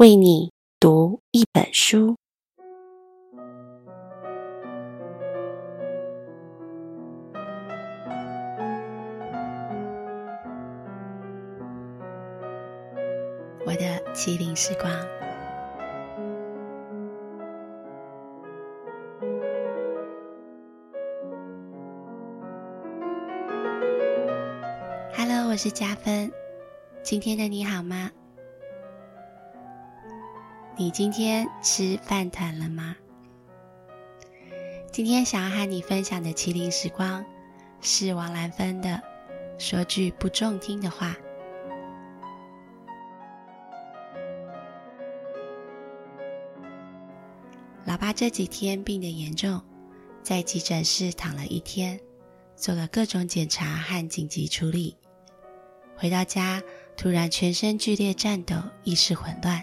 為你讀一本書，《我的麒羚時光》。Hello，我是加芬，今天的你好嗎？你今天吃飯糰了嗎？今天想要和你分享的《麒羚時光》是王蘭芬的。說句不中聽的話，老爸這幾天病得嚴重，在急診室躺了一天，做了各種檢查和緊急處理。回到家，突然全身劇烈顫抖，意識混亂。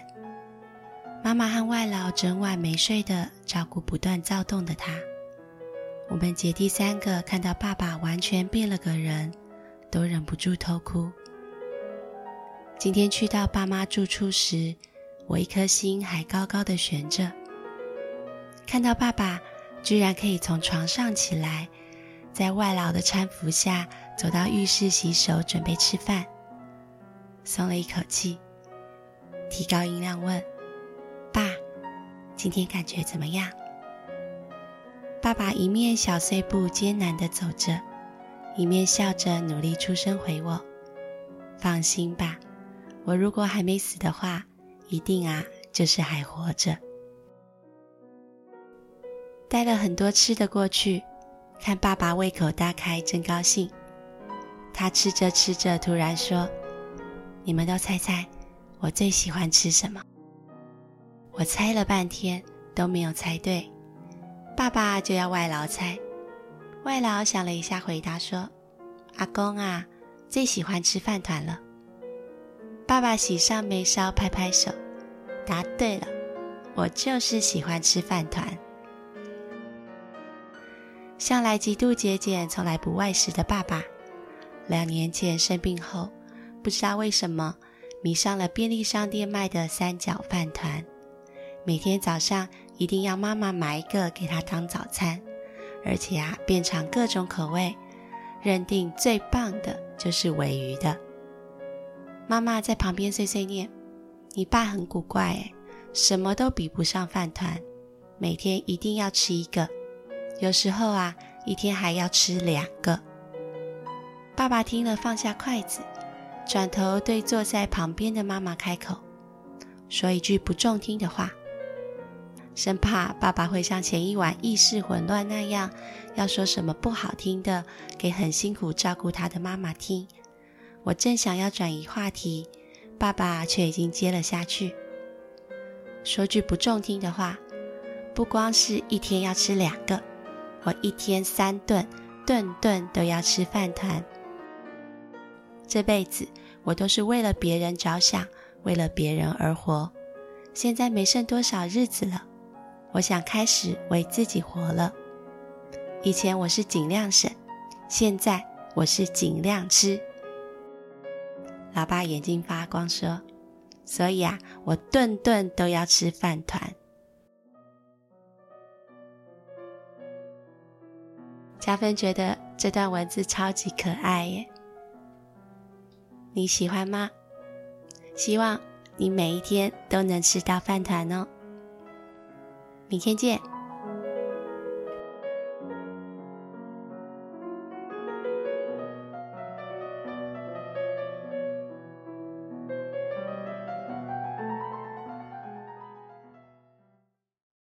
媽媽和外勞整晚沒睡的照顧不斷躁動的他，我們姐弟三個看到爸爸完全變了個人，都忍不住偷哭。今天去到爸媽住處時，我一顆心還高高的懸着，看到爸爸居然可以從床上起來，在外勞的攙扶下走到浴室洗手準備吃飯，鬆了一口氣，提高音量問。今天感覺怎麼樣？爸爸一面小碎步艱難地走着，一面笑着努力出聲回我：“放心吧，我如果還沒死的話，一定啊就是還活着。”帶了很多吃的過去，看爸爸胃口大開，真高興。他吃着吃着，突然說：“你們都猜猜，我最喜歡吃什麼？”我猜了半天都沒有猜對，爸爸就要外勞猜。外勞想了一下，回答說：“阿公啊，最喜歡吃飯糰了。”爸爸喜上眉梢，拍拍手，答對了。我就是喜歡吃飯糰。向來極度節儉、從來不外食的爸爸，兩年前生病後，不知道為什麼迷上了便利商店賣的三角飯糰。每天早上一定要媽媽買一個給他當早餐，而且啊，遍嘗各種口味，認定最棒的就是鮪魚的。媽媽在旁邊碎碎念：“你爸很古怪誒，什麼都比不上飯糰，每天一定要吃一個，有時候啊，一天還要吃兩個。”爸爸聽了放下筷子，轉頭對坐在旁邊的媽媽開口，說一句不中聽的話。生怕爸爸會像前一晚意識混亂那樣，要說什麼不好聽的，給很辛苦照顧他的媽媽聽。我正想要轉移話題，爸爸卻已經接了下去。說句不中聽的話：不光是一天要吃兩個，我一天三頓，頓頓都要吃飯團。這輩子我都是為了別人着想，為了別人而活。現在沒剩多少日子了。我想開始為自己活了。以前我是盡量省，現在我是盡量吃。老爸眼睛發光說：“所以啊，我頓頓都要吃飯糰。”嘉芬覺得這段文字超級可愛耶，你喜歡嗎？希望你每一天都能吃到飯糰哦。明天見。